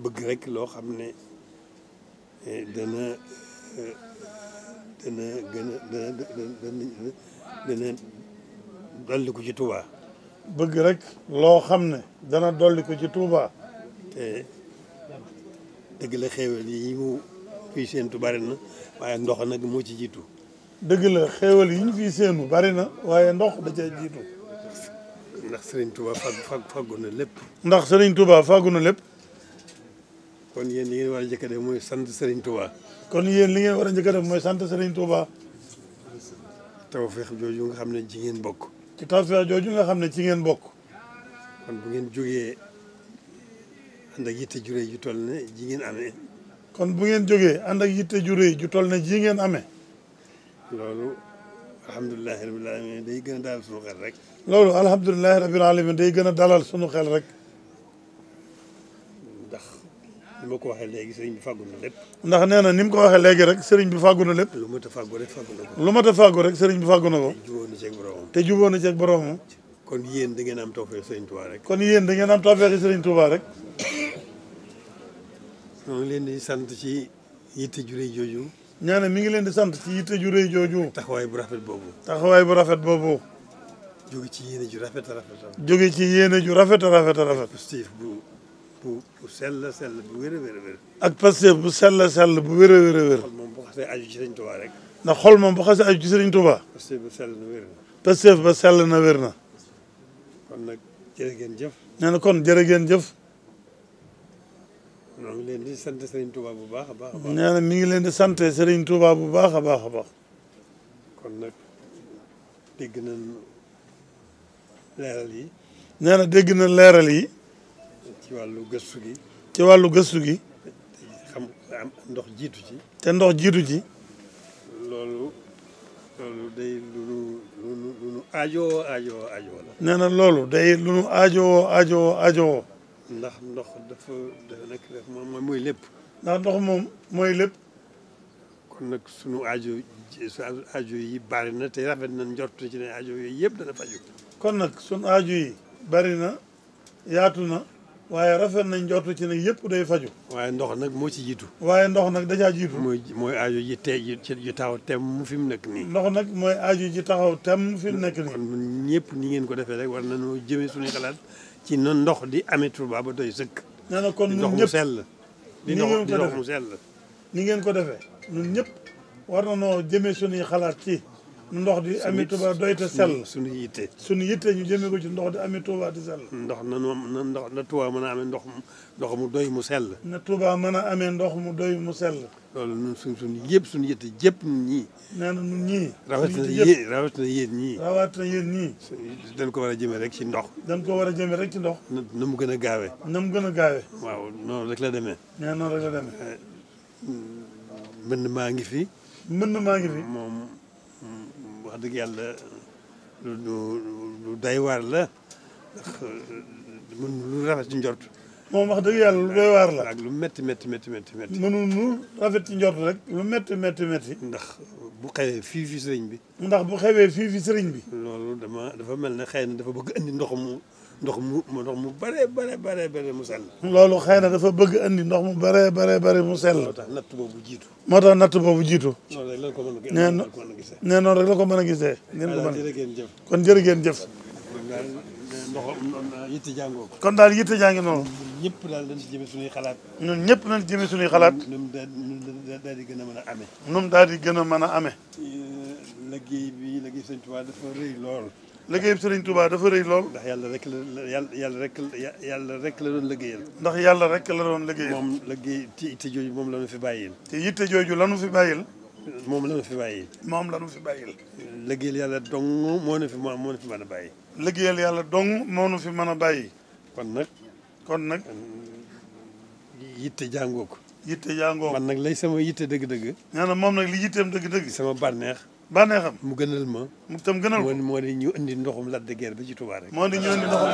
bëgg rek loo xam ne eh, dana eh, dana gën a dana dana dolli ko ci Touba. bëgg rek loo xam ne dana dolli ko ci Touba. te dëgg la xéewal yi mu fii séentu bari na waaye ndox nag moo ci jiitu. dëgg la xéewal yi ñu fii séenu bari na waaye ndox da cee jiitu. ndax Serigne Touba fàggu fàggu na lépp. ndax Serigne Touba fàggu na lépp. kon yéen li ngeen war a njëkk a def mooy sant Serigne Touba. kon yéen li ngeen war a njëkk a def mooy sant Serigne Touba. tawfeex jooju nga xam ne ci ngeen bokk. ci tawfeex jooju nga xam ne ci ngeen bokk. kon bu ngeen jógee ànd ak yitte jure ju toll ne ji ngeen amee. kon bu ngeen jógee ànd ak yitte jure ju toll ne ji ngeen amee. loolu alhamdulilahi rabbil alamin day gën a dalal sunu xel rek. loolu alhamdulilahi rabbil alamin day gën a dalal sunu xel rek. ma ko waxee léegi sëriñ bi fàggu na lépp ndax nee na ni mu ko waxee léegi rek sëriñ bi fàggu na lépp lu mat a fàggu rek fàggu na ko lu mat a fàggu rek sëriñ bi fàggu na ko jubóo na ceeg boroomam te jubóo na ceeg boroomam kon yéen da ngeen am tawfeex sëriñ Touba rek kon yéen da ngeen am tawfeex sëriñ Touba rek ñoo ngi leen di sant ci yitte ju réy jooju ñaa ne mi ngi leen di sant ci yitte ju réy jooju taxawaay bu rafet boobu taxawaay bu rafet boobu jóge ci yéene ju rafet a rafet jóge ci yéene ju rafet a rafet a rafet bu bu sell sell bu wér a wér a wér. ak bu xol moom bu xasee aju ci Sëriñ Tuubaa rek. ndax xol moom bu xasee aju ci Sëriñ Tuubaa. Pastef ba sell na wér na. na wér na. kon nag jërë ngeen jëf. nee kon jërë ngeen jëf. ñoo ngi leen di sant Sëriñ Tuubaa bu baax a baax. nee na mi ngi leen di sant Sëriñ Tuubaa bu baax a baax a baax. kon nag dégg nañ leeral yi. nee dégg na leeral yi. ci wàllu gëstu gi. ci wàllu gëstu gi. xam ndox jiitu ci. te ndox jiitu ci. loolu loolu day lu nee na loolu day lu nu aajowoo aajowoo aajowoo. ndax ndox dafa dafa nekk moom mooy lépp. ndax ndox moom mooy lépp. kon nag sunu aajo sunu aajo yi bari na te rafet na njort ci ne aajo yooyu yëpp dana faju kon nag sunu aajo yi bari na na waaye rafet nañ njortu ci ne yëpp day faju waaye ndox nag moo ci jiitu waaye ndox nag dajaa jiitu mooy mooy aajo ji tee ji taxaw tem mu fi mu nekk nii ndox nag mooy aajo ji taxaw tem mu fi mu nekk nii ñëpp ni ngeen ko defee rek war nañoo jëmee suñu xalaat ci noonu ndox di amee Touba ba doy sëkk nee na kon ñun ñëpp sell di ndox mu sell ni ngeen ko defee ñun ñëpp war nañoo jëmee suñuy xalaat ci ndox di amee Touba doy te sell. suñu yitte suñu yitte ñu jëmee ko ci ndox di amee Touba di sell. ndox na na ndox na Touba mën ndox mu ndox mu doy mu sell. na Touba mën a amee ndox mu doy mu sell. loolu ñun suñ suñu yëpp suñu yitte jëpp ñun ñii. nee na ñun ñii. rawatina yéen rawatina yéen ñii. rawatina yéen ko war a jëmee rek ci ndox. dañ koo war a jëmee rek ci ndox. na mu gën a gaawee. na mu gën a gaawe waaw noonu rek la demee. nee noonu rek la demee. mbënd maa ngi fi. mbënd maa ngi fi wax dëgg yàlla lu lu waar la ndax euh, mën lu rafet ci njort. moom wax dëgg yàlla lu doy waar la. ak lu métti métti métti métti métti. mënul lu rafet ci njort rek lu métti métti métti. ndax bu xewee fii fii sëriñ bi. ndax bu xewee fii fii sëriñ bi. loolu dama dafa mel ne xëy na dafa bëgg indi ndox mu. ndox mu ndox mu bare bare bare bare mu sell loolu xëy na dafa bëgg andi ndox mu bare bare bare mu sell moo tax natt boobu jiitu moo tax natt boobu jiitu nee noonu rek la ko mën a gisee nee ko mën a kon jërë ngeen jëf yitte jàngoo kon daal yitte jàngi noonu ñëpp daal dañ ci jëme suñuy xalaat ñun ñëpp nañ ci jëme suñuy xalaat num daal di gën a mën a amee num daal di gën a mën a amee euh, liggéey bi liggéey Sëñ Tuubaa dafa rëy lool liggéeyam Serigne Touba dafa rëy lool. ndax yàlla rek la yàlla rek yàlla rek la loon liggéeyal. ndax yàlla rek la doon liggéeyal. moom liggéey te moom la lu fi bàyyi te yitte jooju la nu bàyyil. moom la nu fi bàyyil. moom la nu bàyyil. liggéeyal yàlla dong moo nu fi moo nu a bàyyi. liggéeyal yàlla dong moo nu fi man a bàyyi. kon nag. kon nag. yitte jàngoo ko. yitte jàngoo ko man nag lay sama yitte dëgg-dëgg. nee moom nag li yitteem dëgg-dëgg. sama bànneex. bànneexam mu gënal ma. mu tam gënal ko moo di ñu indi ndoxum Lac de ba bi ci moo di ñu indi ndoxum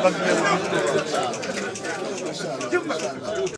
Lac de